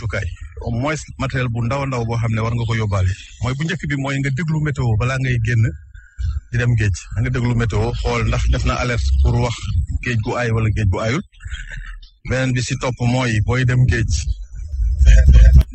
tukaay moins matériel bu ndawa ndaw boo xam ne war nga ko yóbbaale mooy bu njëkk bi mooy nga déglu météo balaa ngay génn di dem géej nga déglu météo xool ndax def na alerte pour wax géej gu aay wala géej gu aayul beneen bi si topp mooy booy dem géej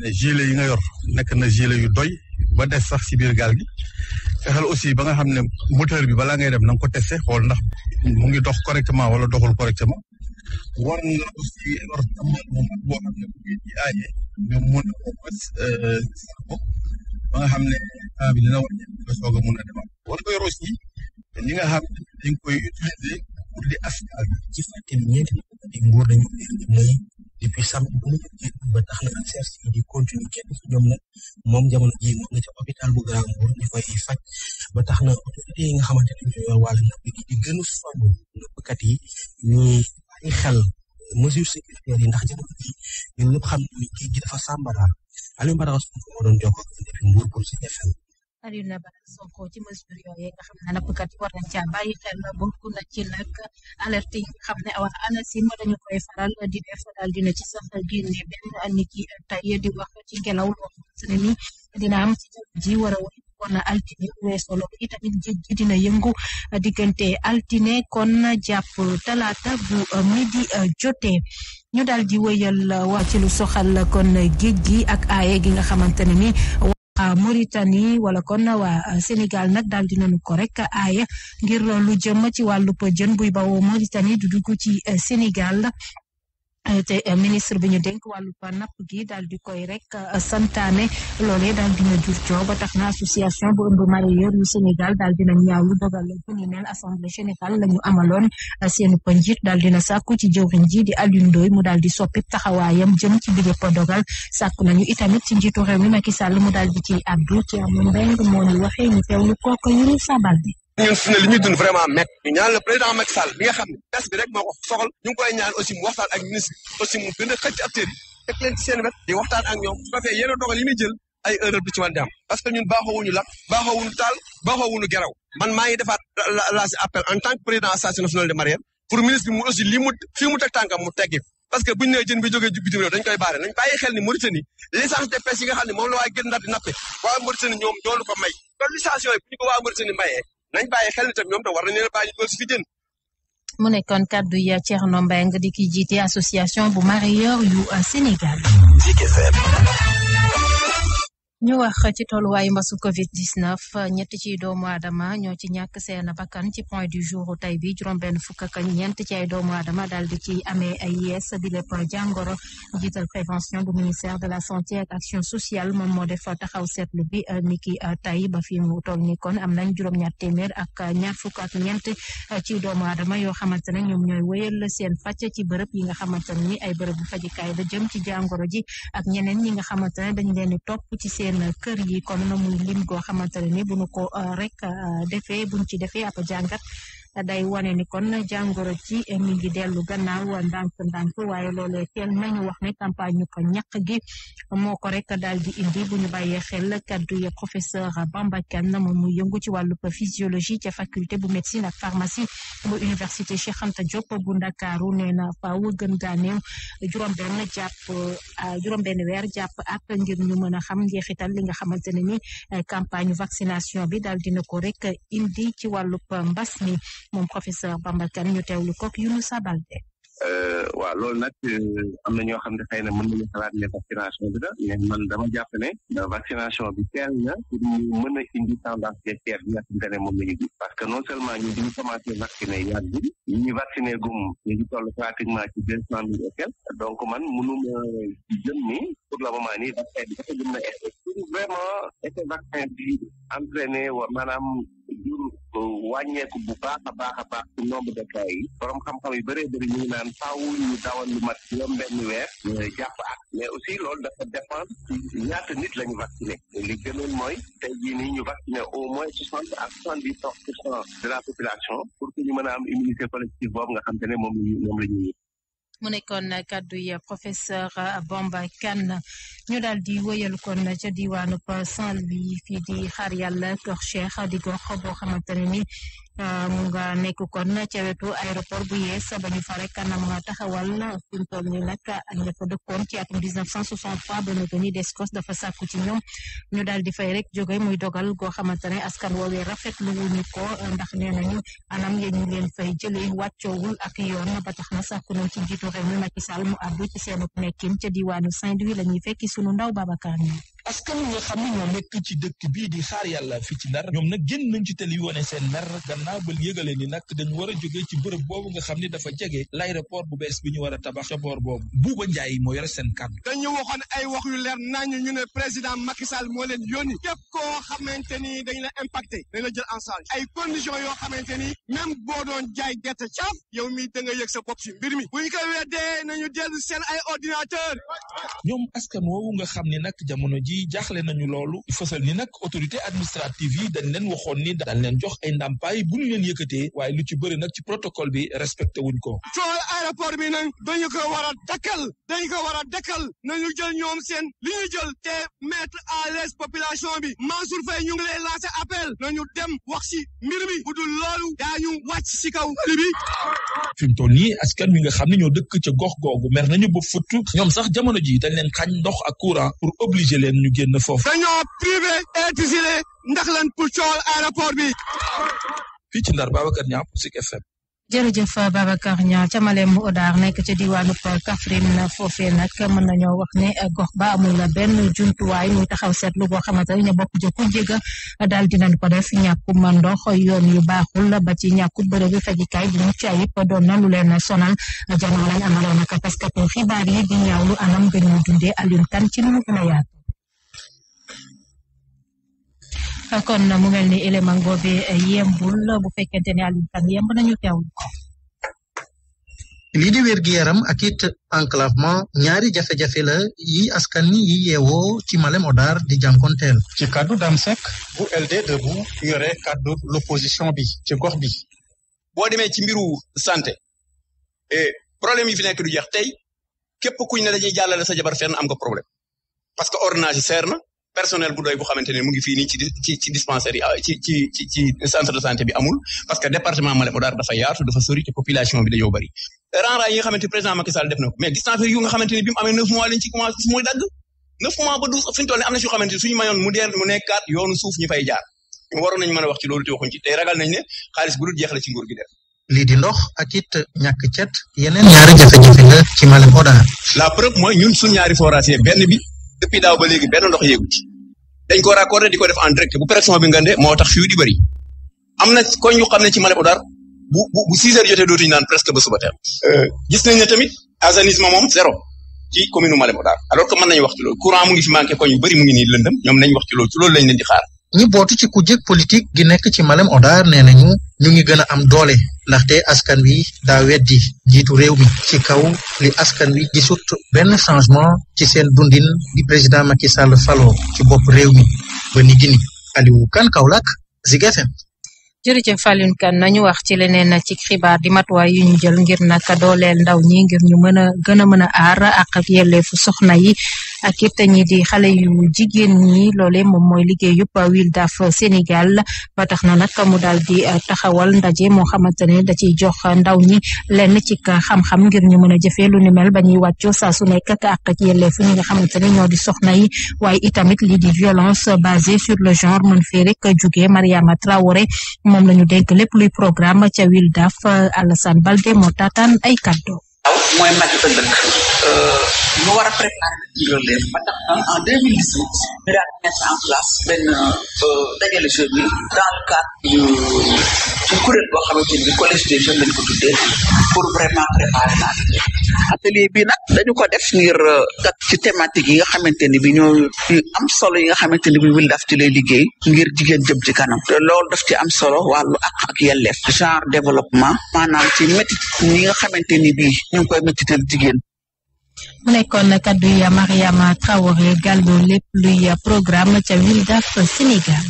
ne gilet yi nga yor nekk na gilet yu doy ba des sax ci biir gaal gi fexeel aussi ba nga xam ne moteur bi balaa ngay dem na nga ko testé xool ndax mu ngi dox correctement wala doxul correctement war na aussi yor zaman bu mag boo xam ne bu ngeen ci aaye nga mun euh, ba nga xam ne war a nga mun a demal war nga aussi ñi nga xam ne koy utiliser pour di askan ci fàttali ñeenti di nguur dañu mooy depuis samedi bu mu jël ba tax na recherche di continuer kenn ci ñoom nag moom jamono ji moom nga bu Grand Mbour ñu fay faj ba tax nga xamante ne ñoo yor wàllu napp yi ay xel mesure sécuritaire yi ndax jamono ji ñun ñëpp xam ni géej gi dafa sàmbara Aliou Mbara Sonko moo doon jokkoo depuis nga xam ne nappkat yi war nañ caa bàyyi xel bokk na ci nag alerte xam ne waa ANACIM dañu koy faral di def daal dina ci sax génne benn nit ki tey di wax ci ngelaw loo xam dina am ci ji war kon altine weesoo loolu itamit géej dina yëngu diggante altine kon na jàpp talaata bu euh, midi euh, jotee. ñu daal di wéyal euh, waa ci lu soxal kon géej gi ak aaye gi nga xamante ni waa wala kon waa Sénégal nag daal di nañu ko rek aaye ngir lu jëm ci wàllub jën buy bawoo Mauritanie du dugg ci Sénégal. Euh, te euh, ministre bi ñu dénk wàllu napp gi daal di koy rek euh, santaane loolee daal dina jur coow ba tax na association bu ëmb mareyeur yu Sénégal daal dina ñaawlu dogal bu ni mel assemblée générale la ñu amaloon seen njiit daal na sàkku ci jëwriñ ji di Alioune Ndoye mu daal di soppi taxawaayam jëm ci biir dogal sàkku nañu itamit ci njiitu réew mi Macky Sall mu daal di ciy addu ci am mbéng moo ñu waxee ñu teewlu kooku yu sabal bi ñun fi ne li ñuy dund vraiment métti ñu ñaan le président Macky Sall bi nga xam ne bés bi rek moo ko soxal ñu ngi koy ñaan aussi mu a xëcc a parce que ñun baaxoowuñu lakk baaxoowuñu taal baaxoowuñu geraw man maa ngi defaat laa si appel en tant que président association nationale des mareyeurs que buñu nee jën bi jógee bitim réew dañ koy baare nañ bàyyi xel ni Mauritanie de pêche yi nga xam la waa gën ndar di nappe ñoom ñoo lu may kon licence yooyu bu ñu nañ bàyyi xel itam ñoom tam war nañ leen a bàyyi ñu si fi jën. mu nekkoon kàddu ya Thierno Mbengue di ki jiite association bu mareyeur yu Sénégal. ñu wax ci tolluwaayu mbasu Covid 19 ñett ci doomu aadama ñoo ci ñàkk seen bakkan ci point du jour tey bi juróom-benn fukk ak ñent ci ay doomu aadama daal di ci ame ay yees bi lépp jàngoro jiital prévention bu ministère de la santé action sociale moom moo def taxaw seetlu bi euh, niki euh, tey ba fi mu toll ni kon am nañ juróom-ñaar téeméer ak euh, ñaar fukk ak ñeent ci doomu aadama yoo xamante ne ñoom ñooy wéyal seen fàcc ci bërëb yi nga xamante ne ni ay bërëb bu fajukaay la jëm ci jàngoro ji ak ñeneen ñi nga xamante ne dañ leen di na kër yi kon na muy lim goo xamante ne ni bu ñu ko euh, rek euh, defee buñ ci defee ab jàngat day wane ni kon jàngoro ci eh, mi ngi dellu gannaaw ndànk-ndànk waaye loolee teel nañu wax ne campagne ñu ko ñàq gi moo ko rek daal di indi bu ñu bàyyee xel kaddu ya professeur Bamba Kane moom mu yëngu ci wàllu physiologie ca faculté bu médecine ak pharmacie bu université xam ta Diop bu Ndakaaru nee na faaw gën gaa néew juróom-benn jàpp ah, juróom weer jàpp at ngir ñu mën a xam njeexital li nga xamante ne ni eh, campagne vaccination bi daal dina ko rek indi ci wàllub mbas moom professeur Bamba Kane ñu teewlu kook Younoussa Baldé euh, waaw loolu nag euh, am na ñoo xam ne xëy na mën nañu xalaat ne vaccination bi la mais man dama jàpp ne vaccination bi teel na pour ñu mën a indi tendance bi nga ñu gis parce que non seulement ñu ngi commencé vacciné yàgg ñi ñu vacciné gum ñu ngi toll pratiquement ci deux cent mille et donc man mënuma jëm ni pour le moment nii dafa gën a effet pour vraiment effet wàññeeku bu baax a baax a baax ci nombre de cas yi borom xam-xam yu bëree bëri ñu naan faaw ñu dawal lu mat juróom benn weer mm. jàpp ak mais aussi loolu dafa dépendre ñaata nit lañu ñu vacciné li gënoon mooy tey jii nii ñu vacciné au moins soixante à soixante dix pour cent de la population pour que ñu mën a am immunité collective boobu nga xam te moom lañu moom la ñuy mu nag kàddu yi professeur Bamba Kane ñu daal di wëyal kon ca diwaanu Saint-Louis fii di xaar yàlla kër Cheikh di gox boo xamante ne Ah, mu nga nekk kon ca wetu aéroport bu yees ba ñu fa rek nam taxawal fi mu toll nii nag ak ña fa dëkkoon ci atum 1963 ba nag ni Descos dafa sàkku ci ñoom ñu daal di fay rek jóge muy dogal goo xamante ne askan woowee rafet lu wuñu ko ndax nee nañu anam ya ñu leen fay jëlee wàccoowul ak yoon ba tax na sàkku nañ ci jiitu réew mi Macky Sall mu àddu ci seen nekkin ca diwaanu Saint-Louis la ñuy fekki sunu ndaw Babacar askan wi nga xam ne ñoo nekk ci dëkk bii di xaar yàlla fi ci ndar ñoom nag génn nañ ci tali wone seen mer gannaaw ba yëgale ni nag dañu war a jógee ci bërëb boobu nga xam ni dafa jege l'aéroport bu bees bi ñu war a tabax boor boobu Buuba Njaay moo yore seen kàddu dañu waxoon ay wax yu leer nañu ñu ne président Macky Sall moo leen yónni képp koo xamante ni dañ la impacté dañ la jël en ay conditions yoo xamante ni même boo doon jaay gerte caaf yow mi da nga yëg sa bopp si mbir mi bu ñu ko na ñu dellu seen ay ordinateur ñoom askan woowu nga xam ni nag jamono ji yi jaaxle nañu loolu fësal ni nag autorité administrative yi dañ leen waxoon ni dañ leen jox ay ndàmpaay bu ñu leen yëkkatee ci bëri nag ci protocole bi respecté wuñ ko. coowal aéroport bi nag dañu ko war a a dakkal nañu ñoom seen li ñu te mettre à l'aise population bi Mansour Faye ñu ngi lay appel nañu dem wax mbir mi bu dul loolu daañu wàcc si kaw li bi. mu toll nii askan wi nga xam ne ñoo dëkk ca gox googu mer nañu ba fëttu ñoom sax jamono ji ñu génn foofu. dañoo privé exilé ndax lan pour coowal aéroport bi. fii ci Ndar Babacar Niang pour Zik FM. jërëjëf Babacar Niang ca Malem Hodar nekk ca diwaanu Kaffrine foofee na mën nañoo wax ne gox ba amul benn jumtuwaay muy taxaw seetlu boo xamante ne ña bokk ca Koungheul daal dinañ ko def ñàkkum ndox yoon yu baaxul ba ci ñàkku bërëb fajikaay bu mucc ayib doon na lu leen sonal janoo lañ amaloon ak taskatu xibaar yi di ñaawlu anam gën ñu dundee Alioune Kane ci lu mu gën a yaatu kon na mel ni élément boobu yembul bu fekkente ne Aliou Kane yemb nañu teewlu ko. lii di wér gi yaram ak it enclavement ñaari jafe la yi askan yi yeewoo ci Malem Hodar di jànkonteel. ci kaddu Dame Seck bu LD Debout yore kaddu l'opposition bi ci gox bi. boo demee ci mbiru santé et eh, problème yi fi nekk du jeex tey képp kuñ ne dañuy jàllale sa jabar fenn am nga problème parce que ordonnance seer na personnel bu doy bu xamante mu ngi fii ah, ci ci ci ci ci de santé bi amul parce que département Malem Hodar dafa yaatu dafa sori te population bi dañoo bëri renra yi nga xamante président Macky Sall def na mais dispensaire yu nga xamante bi mu amee neuf mois ci commencé mooy dagg neuf mois ba douze fi ne am na suñu xamante ne suñu mayoon mu deer mu nekkaat yoonu ragal nañ ne xaalis bu dul ci nguur gi def lii di ndox ak cet yeneen ñaari jafe-jafe la ci depuis daaw ba léegi benn ndox yéegu ci dañ ko raccordé di ko def en direct bu pression bi ngande moo tax fii di bëri am na koñ yu xam ne ci Malem Hodar bu bu bu six heures jotee dootuñu naan presque ba suba teel euh. gis tamit assainissement moom zéro ci commune Malem Hodar alors que mën nañu wax ci fi manqué koñ yu bëri mu lëndëm ñoom nañ wax ci loolu lañ leen di ñi bootu ci ku jég politique gi nekk ci Malem Hodar nee nañu ñu ngi gën a am doole ndaxte askan wi daa weddi jiitu réew mi ci kaw li askan wi gisut benn changement ci seen dundin di président Macky Sall falo ci bopp réew mi ba ni gini Aliou Kan Kaolack Zik FM jërëjëf Falioune Kane nañu wax ci leneen ci xibaar di matuwaay yu ñu jël ngir naka dooleel ndaw ñi ngir ñu mën a gën a mën a aar ak soxna yi ak it ñi di xale yu jigéen ñi loole moom mooy liggéeyu Wildaf Sénégal ba tax na nag mu daal di eh, taxawal ndaje moo xamante ne da ciy jox ndaw ñi lenn ci xam-xam ngir ñu mën a jëfee lu ni mel ba ñuy wàccoo saa su nekk ak àq ak yelleefu ñi nga xamante ne ñoo di soxna yi waaye itamit lii di violence basée sur le genre mën fee rek jugee Mariama Traoré moom la ñu dénk lépp luy programme ca Wildaf Alassane Balde moo taataan ay kaddo mooy Macky ëllëg ñu euh, war a préparer nag ci loolu def en deux mille dix huit ñu daal mettre place benn euh, dajale jeune bi dans le cadre yu ci kuréel boo xamante ni collège des jeunes lañ ko tuddee pour vraiment préparer naa atelier bi nag dañu ko def ngir kat euh, ci tematique yi nga xamante ni bi ñoo am solo yi nga xamante ni bi wil daf ci lay liggéey ngir jigéen jëm ci kanam loolu daf ci am solo wàllu ak ak yelleef genre développement maanaam ci métit ñi nga xamante ni bi ñu ngi koy métital jigéen nekkoon kaddu ya Mariama Traoré Gallo lépp luy programme ca Wildaf Sénégal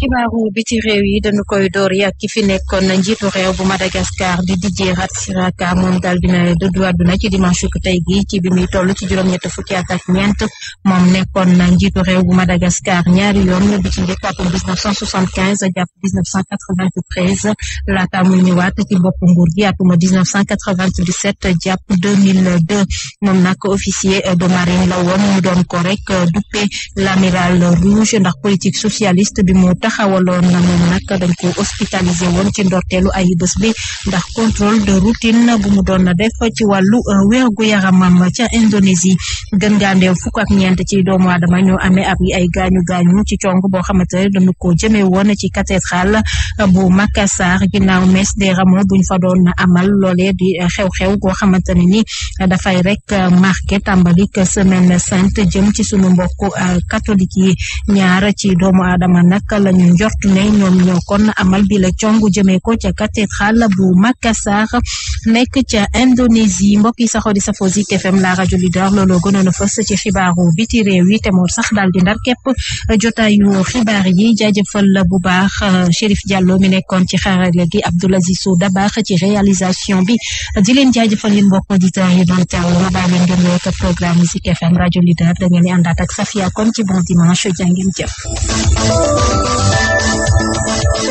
xibaaru biti réew yi dañu koy door yàgg ki fi nekkoon njiitu réew bu Madagascar di Didier Ratsiraka moom daal dina dëddu àdduna ci dimanche ku tey gi ci bi muy toll ci juróom-ñett fukki at ak ñeent moom nekkoon na njiitu réew bu Madagascar ñaari yoon bi ci njëkk atum 1975 jàpp 1993 laata muy ñëwaat ci bopp nguur gi atuma 1997 jàpp 2002 moom nag officier de marine la woon mu doon ko rek duppe l'amiral rouge ndax politique socialiste bi mu taxawaloon na moom nag dañ ko hospitalisé woon ci ndorteelu ay bés bi ndax contrôle de routine bu mu doon def ci wàllu euh, wér gu yaramam ca Indonésie gën ngaa ndeew fukk ak ñeent ci doomu aadama ñoo amee ab ay gaañu gaañu ci cong boo xamante ne dañu ko jëmee woon ci cathédrale euh, bu Makassar ginnaaw messe des Rameaux buñ fa doon na amal loolee di euh, xew-xew goo xamante ne ni dafay rek marqué tàmbalik semaine sainte jëm ci sunu mbokku catholique yi ñaar ci doomu aadama ñu njortu ne ñoom ñoo kon amal bi la cong jëmee ko ca cathédrale bu Makassar nekk ca Indonésie mbokk yi saxoo di safoo Zik FM la rajo leader looloo gënoon a fës ci xibaaru biti réew yi te moo sax daal di ndar jota jotaayu xibaar yi jaajëfal bu baax euh, Chérif Diallo mi nekkoon ci xarala gi Abdoul Aziz da baax ci réalisation bi di leen jaajëfal yéen mbokk auditeurs yi doon teewlu bàyyi leen ngeen yokk programme Zik FM rajo leader da ngeen di àndaat ak Safia kon ci bon dimanche jàngeen jëf